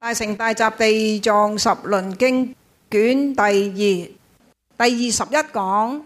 大乘大集地藏十輪經卷第二第二十一講：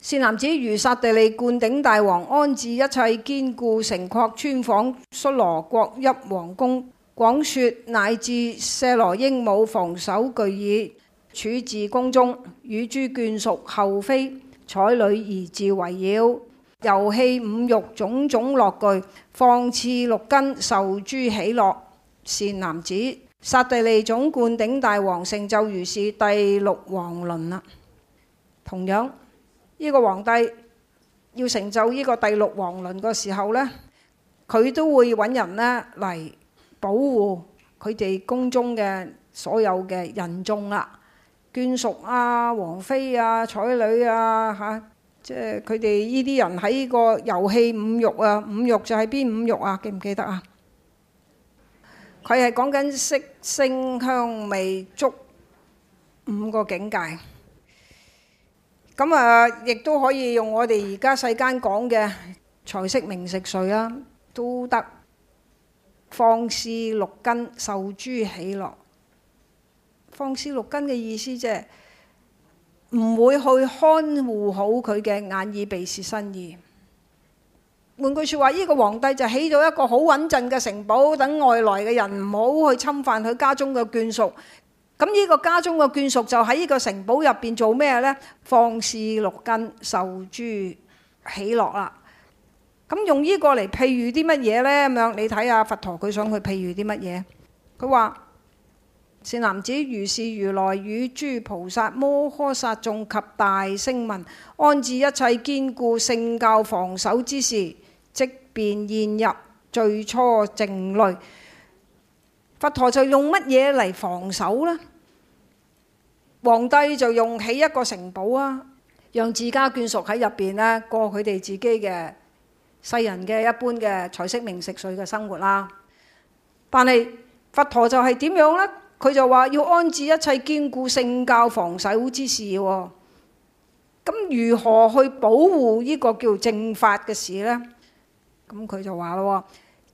善男子，如剎帝利灌頂大王，安置一切堅固城郭，村坊戍邏國邑王宮，廣說乃至舍羅鸚鵡防守具已，處自宮中與諸眷屬后妃婇女而自圍繞，遊戲五欲種種樂具，放恣六根受諸喜樂。善男子，剎帝利種灌頂大王成就如是第六王輪啦。同樣，呢個皇帝要成就呢個第六王輪嘅時候，呢佢都會揾人呢嚟保護佢哋宮中嘅所有嘅人眾啦，眷屬啊、皇妃啊、彩女啊嚇，即係佢哋呢啲人喺呢個遊戲五欲啊，五欲就係邊五欲啊？記唔記得啊？佢係講緊色聲香味觸五個境界，咁啊，亦都可以用我哋而家世間講嘅財色名食睡啦，都得。放恣六根，受諸喜樂，放恣六根嘅意思即係唔會去看護好佢嘅眼耳鼻舌身意。換句說話，呢個皇帝就起到一個好穩陣嘅城堡，等外來嘅人唔好去侵犯佢家中嘅眷屬。咁呢個家中嘅眷屬就喺呢個城堡入邊做咩呢？放肆六根受諸喜樂啦。咁用呢個嚟譬喻啲乜嘢呢？咁樣你睇下佛陀佢想去譬喻啲乜嘢。佢話，善男子，如是如來與諸菩薩摩訶薩眾及大聲聞安置一切堅固聖教防守之事。即便現入最初靜慮，佛陀就用乜嘢嚟防守呢？皇帝就用起一個城堡啊，讓自家眷屬喺入邊呢過佢哋自己嘅世人嘅一般嘅財色名食睡嘅生活啦。但係佛陀就係點樣呢？佢就話要安置一切堅固聖教防守之事喎。咁、啊、如何去保護呢個叫正法嘅事呢？咁佢就話咯，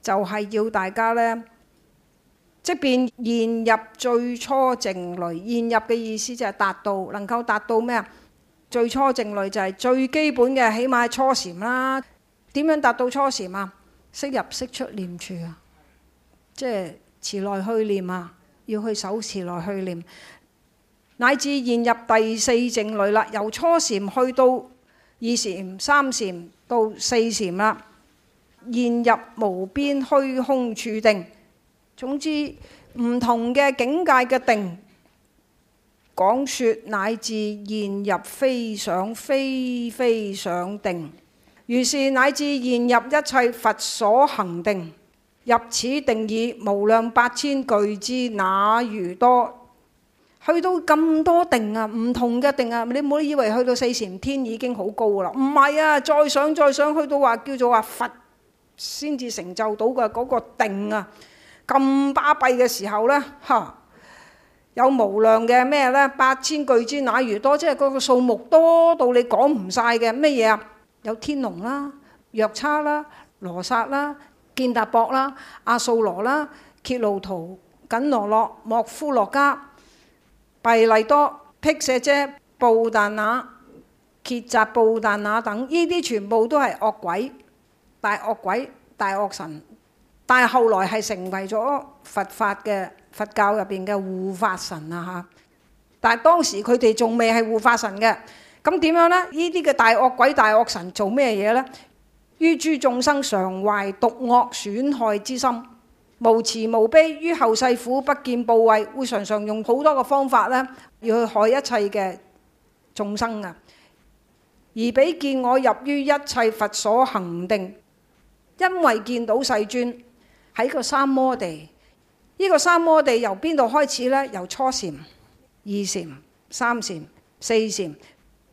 就係要大家呢，即便現入最初靜慮，現入嘅意思就係達到能夠達到咩啊？最初靜慮就係最基本嘅，起碼初禪啦。點樣達到初禪啊？識入識出念處啊，即係持來去念啊，要去守持來去念，乃至現入第四靜慮啦。由初禪去到二禪、三禪到四禪啦。現入無邊虛空處定，總之唔同嘅境界嘅定，講說乃至現入非想非非想定，如是乃至現入一切佛所行定，入此定已無量百千俱胝那庾多，去到咁多定啊，唔同嘅定啊，你唔好以為去到四禪天已經好高啦，唔係啊，再想再想去到話叫做話佛。先至成就到嘅嗰個定啊！咁巴閉嘅時候呢，嚇有無量嘅咩呢？百千俱胝那庾多，即係嗰個數目多到你講唔晒嘅咩嘢啊？有天龍啦、藥叉啦、羅刹啦、健達縛啦、阿素洛啦、揭路荼、緊捺洛、莫呼洛伽、薜荔多、畢舍遮、布怛那、羯吒布怛那等，呢啲全部都係惡鬼。大惡鬼、大惡神，但係後來係成為咗佛法嘅佛教入邊嘅護法神啊！吓，但係當時佢哋仲未係護法神嘅。咁點樣呢？呢啲嘅大惡鬼、大惡神做咩嘢呢？於諸眾生常懷毒惡損害之心，無慈無悲，於後世苦不見怖畏，會常常用好多嘅方法咧，要去害一切嘅眾生啊！而彼見我入於一切佛所行定。因為見到世尊喺個三摩地，呢、這個三摩地由邊度開始呢？由初禪、二禪、三禪、四禪，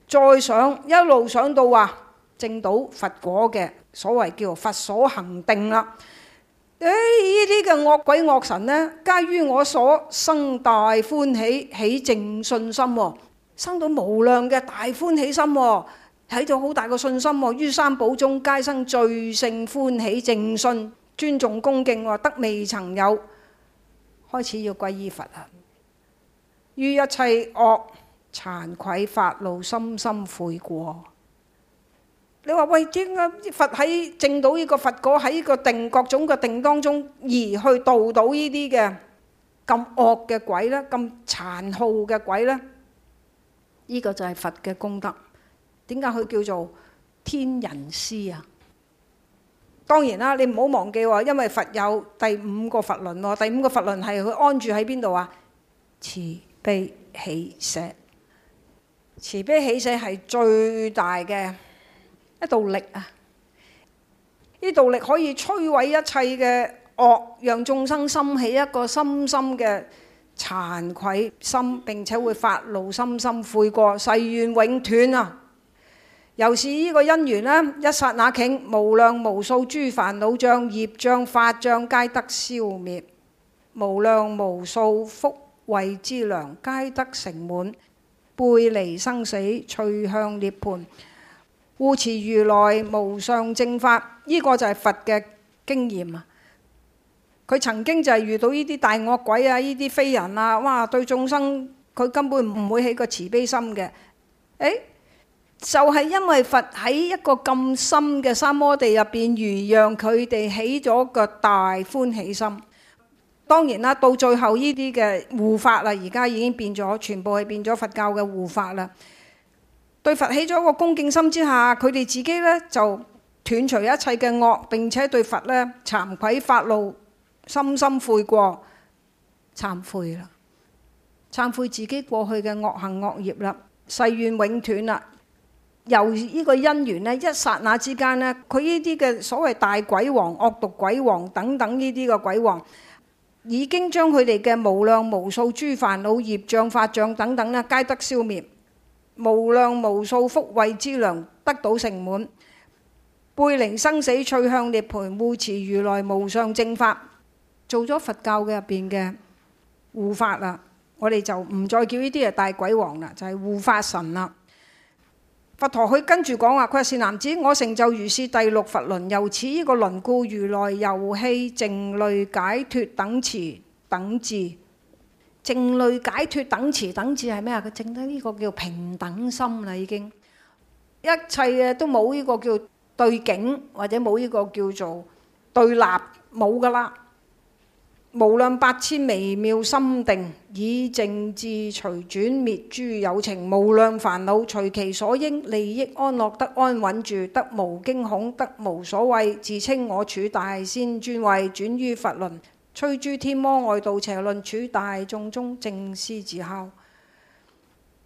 再上一路上到啊，證到佛果嘅，所謂叫佛所行定啦。誒、哎，呢啲嘅惡鬼惡神呢，皆於我所生大歡喜，起淨信心，生到無量嘅大歡喜心。睇到好大個信心喎，於三寶中皆生最勝歡喜，淨信尊重恭敬喎，得未曾有。開始要皈依佛啦，於一切惡，慚愧發露、深心悔過。你話喂，點解佛喺證到呢個佛果喺呢個定各種嘅定當中而去度到呢啲嘅咁惡嘅鬼咧，咁殘酷嘅鬼咧？呢個就係佛嘅功德。點解佢叫做天人師啊？當然啦，你唔好忘記喎，因為佛有第五個佛輪喎。第五個佛輪係佢安住喺邊度啊？慈悲喜捨，慈悲喜捨係最大嘅一道力啊！呢道力可以摧毀一切嘅惡，讓眾生心起一個深深嘅慚愧心，並且會發露、深深悔過、誓願永斷啊！又是呢個因緣啦，一剎那頃，無量無數諸煩惱障、業障、法障皆得消滅，無量無數福慧資糧皆得成滿，背離生死，趣向涅槃，護持如來無上正法。呢、這個就係佛嘅經驗啊！佢曾經就係遇到呢啲大惡鬼啊、呢啲非人啊，哇！對眾生佢根本唔會起個慈悲心嘅，誒？就係因為佛喺一個咁深嘅三摩地入邊，而讓佢哋起咗個大歡喜心。當然啦，到最後呢啲嘅護法啦，而家已經變咗，全部係變咗佛教嘅護法啦。對佛起咗個恭敬心之下，佢哋自己咧就斷除一切嘅惡，並且對佛咧慚愧發露，深深悔過、慚悔啦，慚悔自己過去嘅惡行惡業啦，誓願永斷啦。由呢個因緣咧，一剎那之間咧，佢呢啲嘅所謂大鬼王、惡毒鬼王等等呢啲嘅鬼王，已經將佢哋嘅無量無數諸煩惱、業障、法障等等咧，皆得消滅；無量無數福慧資糧得到成滿。背離生死趣向涅槃，護持如來無上正法，做咗佛教嘅入邊嘅護法啦。我哋就唔再叫呢啲係大鬼王啦，就係護法神啦。佛陀佢跟住講話，佢話善男子，我成就如是第六佛輪，由此呢個輪故，如來遊戲靜慮解脫等持等至，靜慮解脫等持等至係咩啊？佢淨得呢個叫平等心啦，已經一切嘅都冇呢個叫對境，或者冇呢個叫做對立，冇噶啦。無量百千微妙深定，以淨智隨轉滅諸有情，無量煩惱，隨其所應，利益安樂，得安穩住，得無驚恐，得無所畏，自稱我處大仙尊位，轉於佛輪，摧諸天魔外道邪論，處大眾中正師子吼。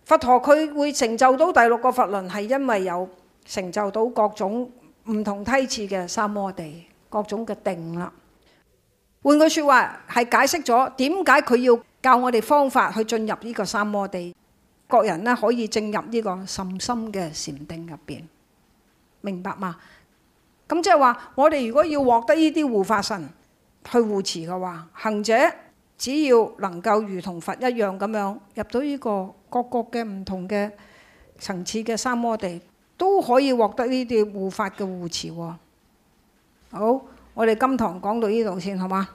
佛陀佢會成就到第六個佛輪，係因為有成就到各種唔同梯次嘅三摩地，各種嘅定啦。換句說話，係解釋咗點解佢要教我哋方法去進入呢個三摩地，各人咧可以進入呢個甚深嘅禪定入邊，明白嗎？咁即係話，我哋如果要獲得呢啲護法神去護持嘅話，行者只要能夠如同佛一樣咁樣入到呢個各個嘅唔同嘅層次嘅三摩地，都可以獲得呢啲護法嘅護持。好，我哋今堂講到呢度先，好嘛？